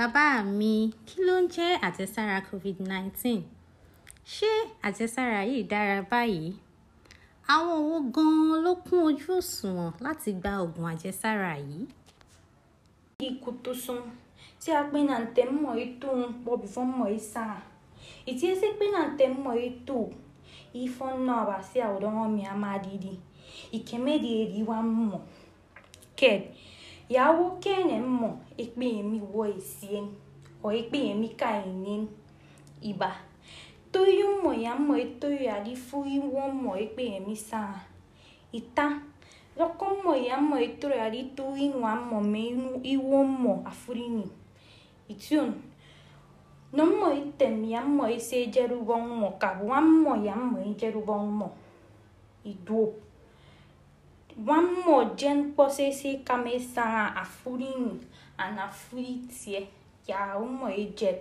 bàbá mi kí ló ń jẹ́ àjẹsára covid-19 ṣé àjẹsára yìí dára báyìí àwọn owó gan-an ló kún ojú òṣùwọ̀n láti gba oògùn àjẹsára yìí. ikú tó sán tí a pín náà tẹ̀ mọ́ ètò ń pọ̀ bí fọ́n mọ́ ìsà ìtí ẹsẹ̀ pín náà tẹ̀ mọ́ ètò ìfọ́n náà wá sí àwòrán mi àmàdìdì ìkẹ́mẹ́dì èrì wa mọ̀ kẹ́ẹ̀. 야호 캔엔 뭐 익비엠이 워이시엔 어 익비엠이 까이닌 이바 또유 뭐야 뭐 또유야 리푸이 원뭐 익비엠이 사 이따 lọ́kọ́ mọ̀ ìyá mọ̀ ètò rẹ̀ àrí tó inú àmọ̀ mi inú ìwọ mọ̀ àfúrínì ìtún nọ́mọ̀ ìtẹ̀mí àmọ̀ ìṣe jẹ́rúbọ̀ ń mọ̀ kàbọ̀ àmọ̀ ìyá mọ̀ ìjẹ́rúbọ̀ ń mọ̀ ìdúró. One Wammogen kpɔsese kame e sãã afu ri nu an afu ri tie, yaa wumɔ ye dzɛd.